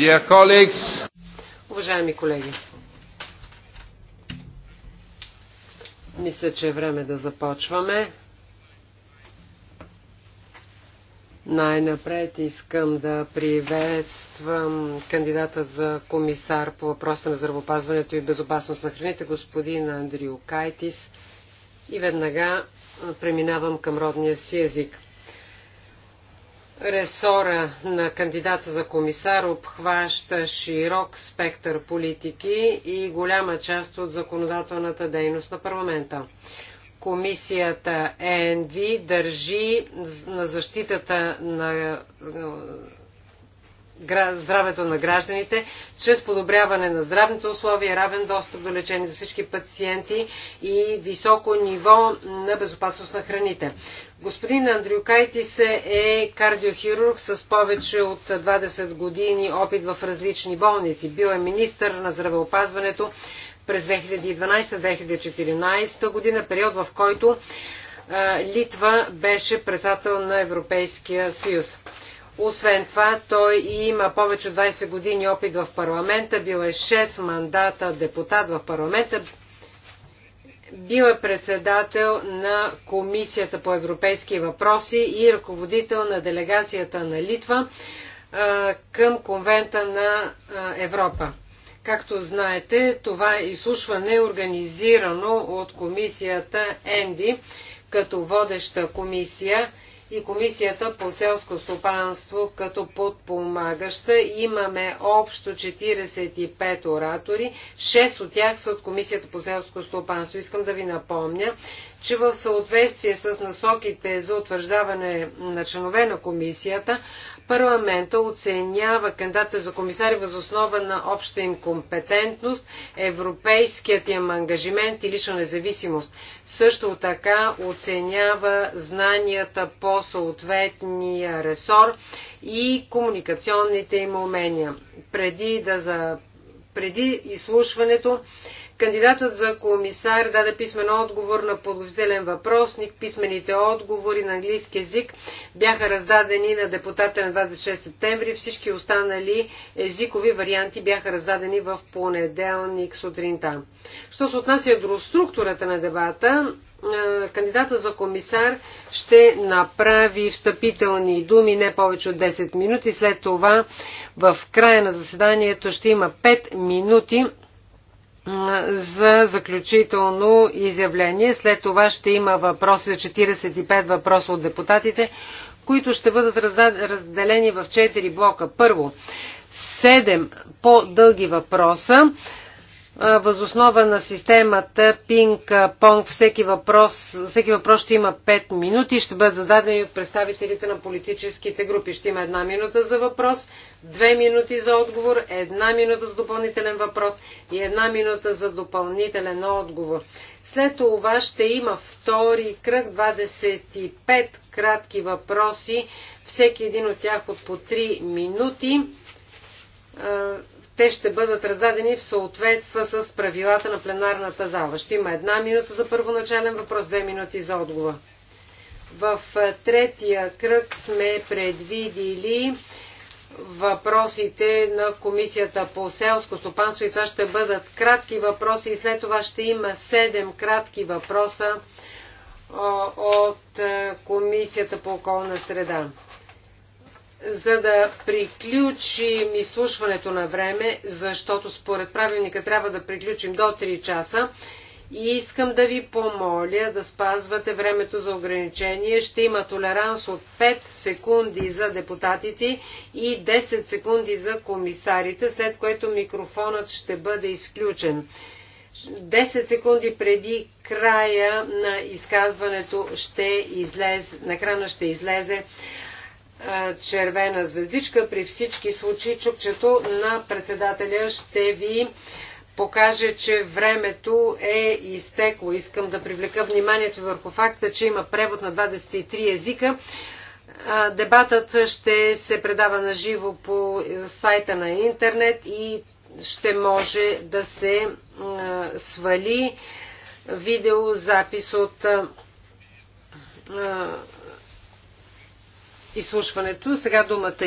Dear colleagues, Уважаеми колеги, мисля, че е време да започваме. Най-напред искам да приветствам кандидатът за комисар по въпроса на здравопазването и безопасност на храните, господин Андрио Кайтис. И веднага преминавам към родния си език – Ресора на кандидата за комисар обхваща широк спектър политики и голяма част от законодателната дейност на парламента. Комисията ЕНВИ държи на защитата на здравето на гражданите, чрез подобряване на здравните условия, равен достъп до лечение за всички пациенти и високо ниво на безопасност на храните. Господин Кайтис е кардиохирург с повече от 20 години опит в различни болници. Бил е министър на здравеопазването през 2012-2014 година, период в който Литва беше председател на Европейския съюз. Освен това, той има повече от 20 години опит в парламента, бил е 6 мандата депутат в парламента, бил е председател на Комисията по европейски въпроси и ръководител на делегацията на Литва към Конвента на Европа. Както знаете, това изслушване е организирано от комисията ЕНДИ като водеща комисия и Комисията по селско стопанство като подпомагаща. Имаме общо 45 оратори. 6 от тях са от Комисията по селско стопанство. Искам да ви напомня, че в съответствие с насоките за утвърждаване на членове на комисията, парламента оценява кандидата за комисари възоснова на обща им компетентност, европейският им ангажимент и лична независимост. Също така оценява знанията по съответния ресор и комуникационните им умения. Преди да за преди изслушването Кандидатът за комисар даде писмен отговор на подготвителен въпросник. Писмените отговори на английски език бяха раздадени на депутата на 26 септември. Всички останали езикови варианти бяха раздадени в понеделник сутринта. Що се отнася до структурата на дебата, е, кандидата за комисар ще направи встъпителни думи не повече от 10 минути. След това в края на заседанието ще има 5 минути за заключително изявление. След това ще има въпроси, 45 въпроса от депутатите, които ще бъдат разделени в 4 блока. Първо, 7 по-дълги въпроса Възоснова на системата пинг-понг всеки въпрос, всеки въпрос ще има 5 минути, ще бъдат зададени от представителите на политическите групи. Ще има една минута за въпрос, две минути за отговор, една минута за допълнителен въпрос и една минута за допълнителен отговор. След това ще има втори кръг, 25 кратки въпроси, всеки един от тях от по 3 минути те ще бъдат раздадени в съответства с правилата на пленарната зала. Ще има една минута за първоначален въпрос, две минути за отговор. В е, третия кръг сме предвидили въпросите на Комисията по селско стопанство и това ще бъдат кратки въпроси и след това ще има седем кратки въпроса от е, Комисията по околна среда за да приключим изслушването на време, защото според правилника трябва да приключим до 3 часа. И искам да ви помоля да спазвате времето за ограничение. Ще има толеранс от 5 секунди за депутатите и 10 секунди за комисарите, след което микрофонът ще бъде изключен. 10 секунди преди края на изказването ще излезе, на крана ще излезе червена звездичка. При всички случаи чукчето на председателя ще ви покаже, че времето е изтекло. Искам да привлека вниманието върху факта, че има превод на 23 езика. Дебатът ще се предава на живо по е, сайта на интернет и ще може да се свали видеозапис от изслушването. Сега думата